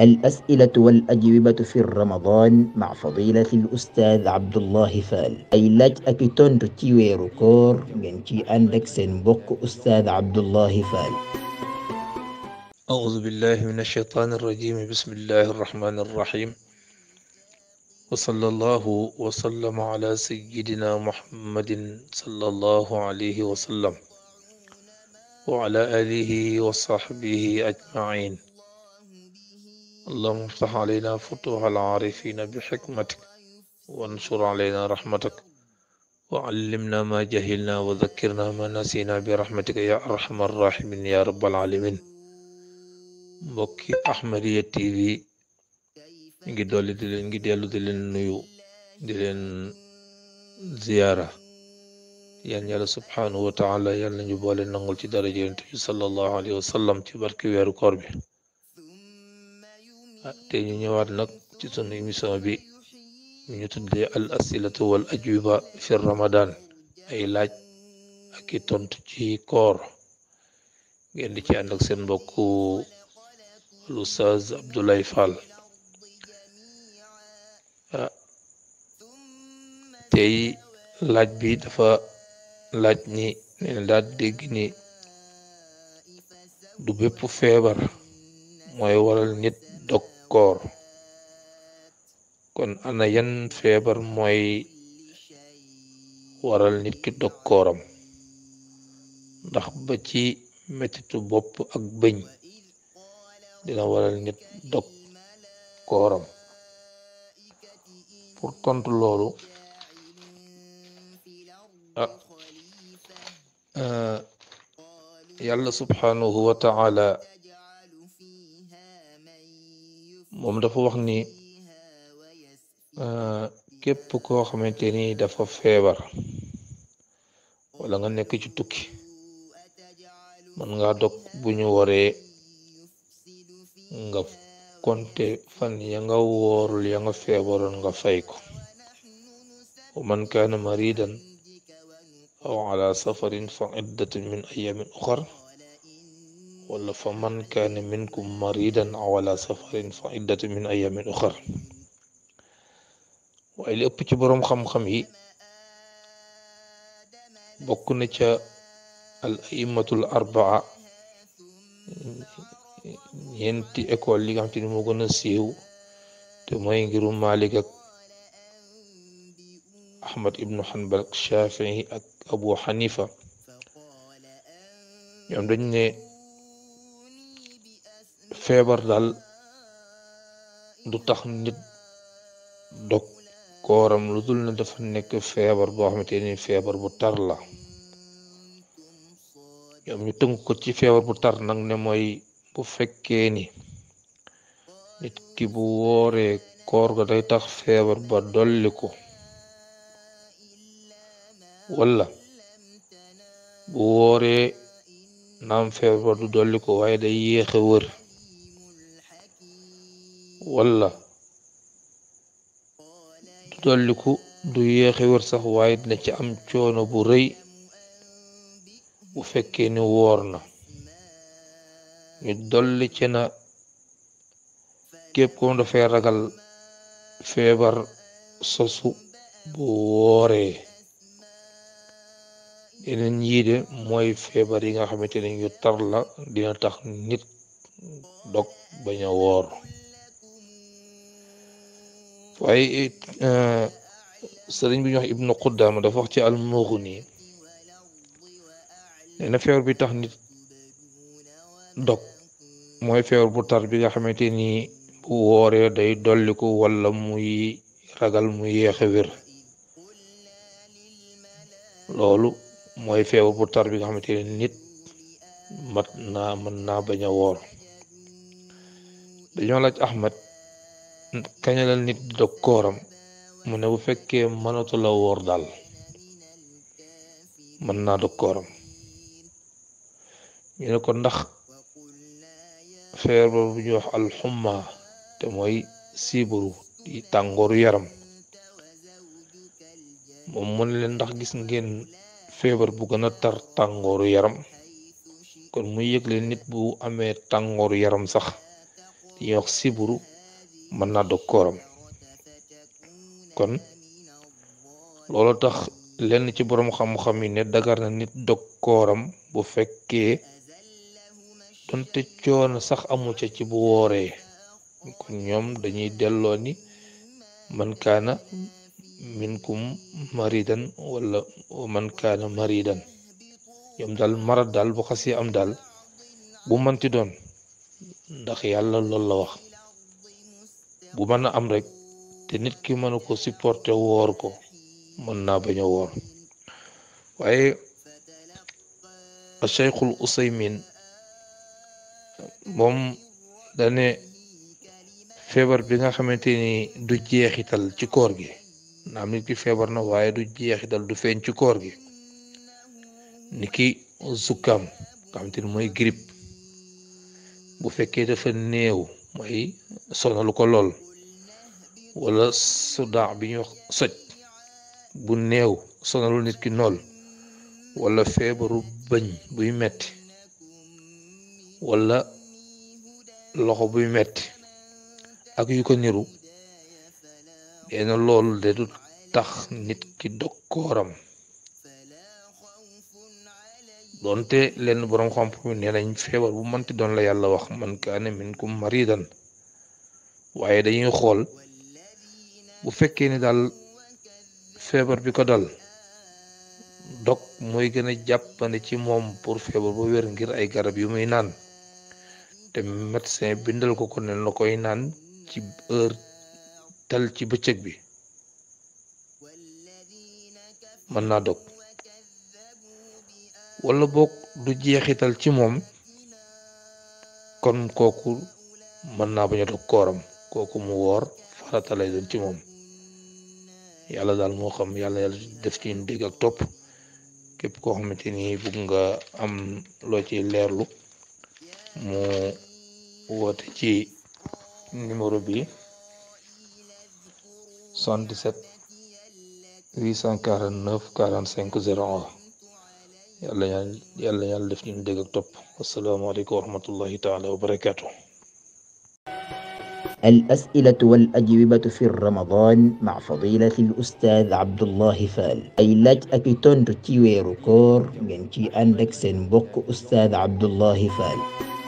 الأسئلة والأجوبة في رمضان مع فضيلة الأستاذ عبد الله فال أي laaj أكتون i tontu ينتي أندك koor أستاذ عبد الله فال أعوذ بالله من الشيطان الرجيم بسم الله الرحمن الرحيم وصلى الله وسلم على سيدنا محمد صلى الله عليه وسلم وعلى آله وصحبه أجمعين اللهم افتح علينا فتوح العارفين بحكمتك وانصر علينا رحمتك وعلمنا ما جهلنا وذكرنا ما نسينا برحمتك يا ارحم الراحمين يا رب العالمين مكي يا تي في نجي دولي دلين نجي ديالو دلين نيو دلين زيارة يعني يالا سبحانه وتعالى يالا نجبالي ننغل تدارجين صلى الله عليه وسلم تبارك ويارو قربي ah ñu ñëwaat nag ci sunu émission bi mi ñu tuddee al asilatu wal ajwiba fi ramadan ay laaj ak tontu ci koor ngeen di ci ànd ak seen mbokk lu Abdoulaye Fall ah tey laaj bi dafa laaj ni nee na daal dégg ni du bépp feebar mooy waral nit dog koor kon ana yan feebar mooy waral nit ki dog kooram ndax ba ci mettitu bopp ak bëñ dina waral nit dog kooram pour tontu loolu ah, ah yàlla moom dafa wax ni euh, képp koo xamante ni dafa feebar wala nga nekk ci tukki mën nga dog bu ñu waree nga konte fan ya nga woorul nga feebaroon nga fay ko wa man kaana maridan aw ala safarin fa iddatun min ayamin uxar ولا فمن كان منكم مريضا او على سفر فعده من ايام اخر واي لي اوبتي بروم خم خم هي بوكنا الائمه الاربعه ينتي اكول لي غامتي مو غنا سيو تو ماي غيرو مالك احمد ابن حنبل الشافعي ابو حنيفه يوم دني feebar daal du tax nit dog kooram lu dul ne dafa nekk feebar boo xamante ni feebar bu tar la ñoom ñu tënk ko ci feebar bu tar nag ne mooy bu fekkee ni nit ki bu wooree koor ga day tax feebar ba dolli ko walla bu wooree naam feebar ba du dolli ko waaye day yéex wër wala du dolliku du yéexi wër sax waaye dina ci am coono bu rëy bu fekkee ni woor na ñu dolli ci na képp kom dafay ragal feebar sosu bu wooree yeneen yii mooy feebar yi nga xamante ni yu tar la dina tax nit dog bañ a woor waaye eh, sëriñ bi ñu wax ibnu dafa wax ci almughni nee na feebar bi tax nit dog mooy feebar bu tar bi nga xamante ni bu wooree day dolliku walla muy ragal mu yéexe wér loolu mooy feew bu tar bi nit mat naa mën bañ a woor dañoo laaj Ahmad kañ la nit dog kooram mu ne bu fekkee mënatu la woor dal mën naa dog kooram ñu ne ko ndax feebar bu ñuy wax alxumma te mooy siibaru tàngooru yaram moom mu ne leen ndax gis ngeen feebar bu gën a tar tàngooru yaram kon muy yëgle nit bu amee tàngooru yaram sax dañuy wax siburu mën naa dog kooram kon loolu tax lenn ci borom xam-xam yi ne dagar na nit dog kooram bu fekkee donte coono sax amu ca ci bu wooree kon ñoom dañuy delloo ni man kaana minkum maridan wala man kaana maridan ñoom dal marat dal bu xasee am daal bu manti doon ndax yàlla lool la wax bu mën a am rek te nit ki mën ko supporter woor ko mën naa bañ woor waaye cheikhul usaymin moom dane feebar bi nga xamante ni du jeexital ci koor gi naam nit ki feebar na waaye du jeexital du feeñ ci koor gi ni ki zukkaam nga xamante ni mooy grippe bu fekkee dafa néew mooy sonalu ko lool wala su bi ñuy wax soj bu néew sonalu nit ki nool wala feebaru bëñ buy metti wala loxo buy metti ak yu ko niru dee na loolu de du tax nit ki dog kooram doonte lenn borom xomp mi feebar bu mënti doon la yàlla wax man kaa kaane minkum maridan waaye dañuy xool bu fekkee ni daal feebar bi ko dal dog mooy gën a jàppane ci moom pour feebar ba wér ngir ay garab yu muy naan te médecin bindal ko ko ne koy naan ci heure tal ci bëccëg bi mën naa dog wala boog du jeexital ci moom kon kooku mën naa bañ a dog kooram kooku mu woor farata lay doon ci moom yàlla daal moo xam yàlla yàlla def ci ñu dégg ak topp képp koo xamante ni bugg nga am loo ci leerlu mu woote ci numéro bi 77 849 45 01 يلا يلا يلا في دقيق طب والسلام عليكم ورحمة الله تعالى وبركاته الأسئلة والأجوبة في رمضان مع فضيلة الأستاذ عبد الله فال أي لاج أكيتون تيوي ركور عندك سنبوك أستاذ عبد الله فال